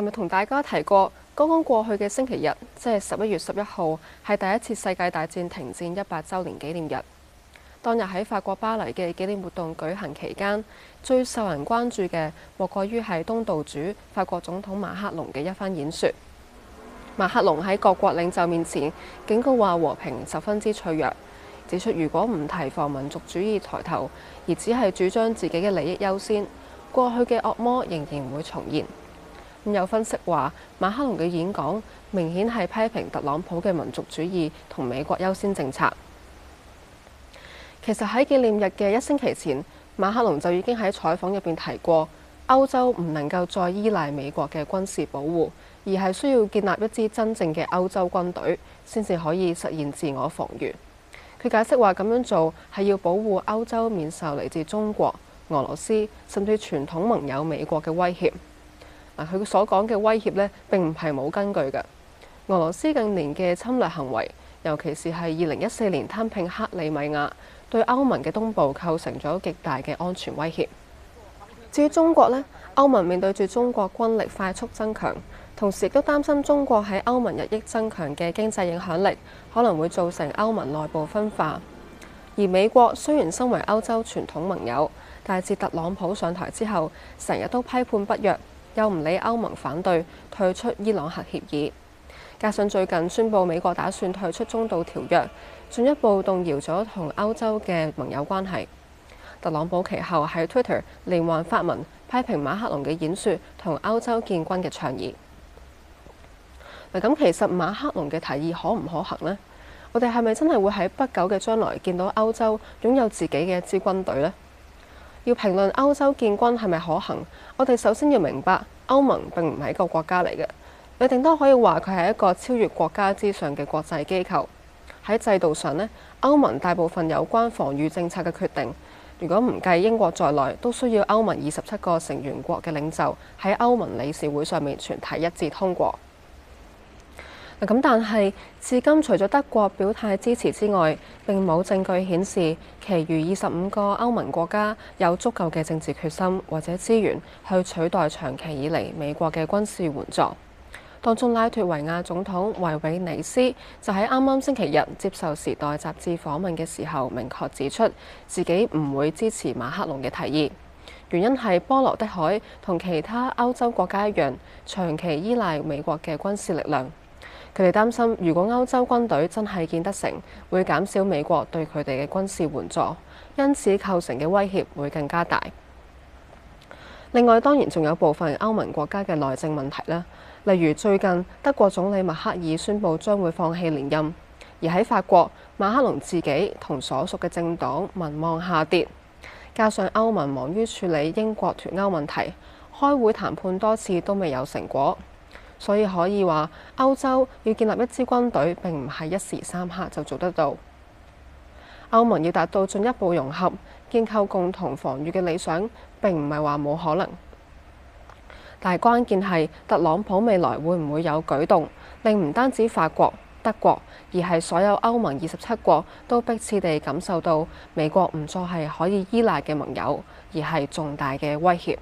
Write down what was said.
係咪同大家提過？剛剛過去嘅星期日，即係十一月十一號，係第一次世界大戰停戰一百週年紀念日。當日喺法國巴黎嘅紀念活動舉行期間，最受人關注嘅莫過於係東道主、法國總統馬克龍嘅一番演說。馬克龍喺各國領袖面前警告話，和平十分之脆弱，指出如果唔提防民族主義抬頭，而只係主張自己嘅利益優先，過去嘅惡魔仍然會重現。咁有分析話，馬克龍嘅演講明顯係批評特朗普嘅民族主義同美國優先政策。其實喺紀念日嘅一星期前，馬克龍就已經喺採訪入邊提過，歐洲唔能夠再依賴美國嘅軍事保護，而係需要建立一支真正嘅歐洲軍隊，先至可以實現自我防禦。佢解釋話，咁樣做係要保護歐洲免受嚟自中國、俄羅斯，甚至傳統盟友美國嘅威脅。佢所講嘅威脅呢，並唔係冇根據嘅。俄羅斯近年嘅侵略行為，尤其是係二零一四年吞併克里米亞，對歐盟嘅東部構成咗極大嘅安全威脅。至於中國呢，歐盟面對住中國軍力快速增強，同時亦都擔心中國喺歐盟日益增強嘅經濟影響力可能會造成歐盟內部分化。而美國雖然身為歐洲傳統盟友，但係自特朗普上台之後，成日都批判不弱。又唔理歐盟反對退出伊朗核協議，加上最近宣布美國打算退出中導條約，進一步動搖咗同歐洲嘅盟友關係。特朗普其後喺 Twitter 連環發文，批評馬克龍嘅演說同歐洲建軍嘅倡議。嗱，咁其實馬克龍嘅提議可唔可行呢？我哋係咪真係會喺不久嘅將來見到歐洲擁有自己嘅一支軍隊呢？要評論歐洲建軍係咪可行，我哋首先要明白歐盟並唔係一個國家嚟嘅，你頂多可以話佢係一個超越國家之上嘅國際機構。喺制度上咧，歐盟大部分有關防禦政策嘅決定，如果唔計英國在內，都需要歐盟二十七個成員國嘅領袖喺歐盟理事會上面全體一致通過。咁但係至今除咗德國表態支持之外，並冇證據顯示，其餘二十五個歐盟國家有足夠嘅政治決心或者資源去取代長期以嚟美國嘅軍事援助。當中拉脱維亞總統維維尼斯就喺啱啱星期日接受《時代》雜誌訪問嘅時候，明確指出自己唔會支持馬克龍嘅提議，原因係波羅的海同其他歐洲國家一樣長期依賴美國嘅軍事力量。佢哋擔心，如果歐洲軍隊真係建得成，會減少美國對佢哋嘅軍事援助，因此構成嘅威脅會更加大。另外，當然仲有部分歐盟國家嘅內政問題啦，例如最近德國總理默克爾宣布將會放棄連任，而喺法國，馬克龍自己同所屬嘅政黨民望下跌，加上歐盟忙於處理英國脱歐問題，開會談判多次都未有成果。所以可以話，歐洲要建立一支軍隊並唔係一時三刻就做得到。歐盟要達到進一步融合、建構共同防禦嘅理想，並唔係話冇可能。但係關鍵係特朗普未來會唔會有舉動，令唔單止法國、德國，而係所有歐盟二十七國都迫切地感受到美國唔再係可以依賴嘅盟友，而係重大嘅威脅。